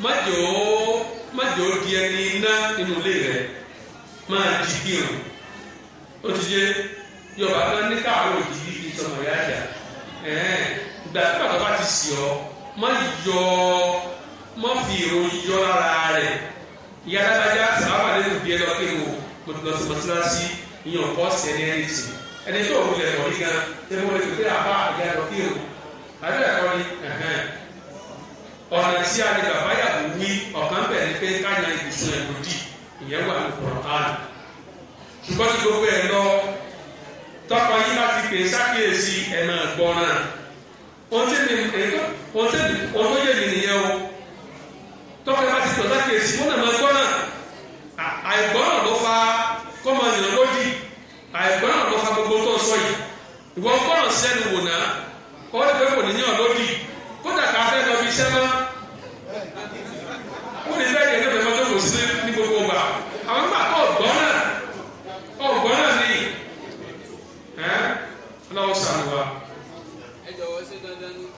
májò májò di ẹni iná nínú ilé rẹ máa di kírun ó ti yé yọba kan ní káàró òjijì fi sọmọ ìyá àjà ìgbà tí bàtà bá ti sì ọ má yọ má fi ìròyìn yọ lára rẹ ìyá adájá sábà lẹ́nu bí ẹ lọ kí n wò mo ti lọ sí mọ́tíláṣí ìyàn kọ́ sẹ́ni ẹni tì ẹni tó wulẹ̀ lọ rí gan ẹni wọlé tó tẹ́lẹ̀ apá ìyá lọ kí n àbí ẹ̀kọ́ ni ọ̀nà tí a lè gbà báyà pé káyà ibùsùn ẹ̀ kò dì ìyẹn wà ní kọ̀ọ̀tàn ṣùgbọ́n tí gbogbo ẹ̀ lọ tọkọ yín bá ti pè sákìyèsí ẹ̀ máa gbọ́ náà ohun tí mi ohun tí ohun tó yẹ mi nìyẹn o tọkọ yín bá ti pè sákìyèsí wọn náà máa gbọ́ náà àìgbọ́ náà ló fa kọ́mọ ìrìn lódì àìgbọ́ náà ló fa gbogbo tó ń sọ yìí ìwọ gbọ́ràn sẹ́nu wò náà kọ́ ọ́ lè fẹ́ kò ní yàn lódì kódà ọlọ́wọ́ sàánú wa. ẹ jọ̀wọ́ ṣé dandan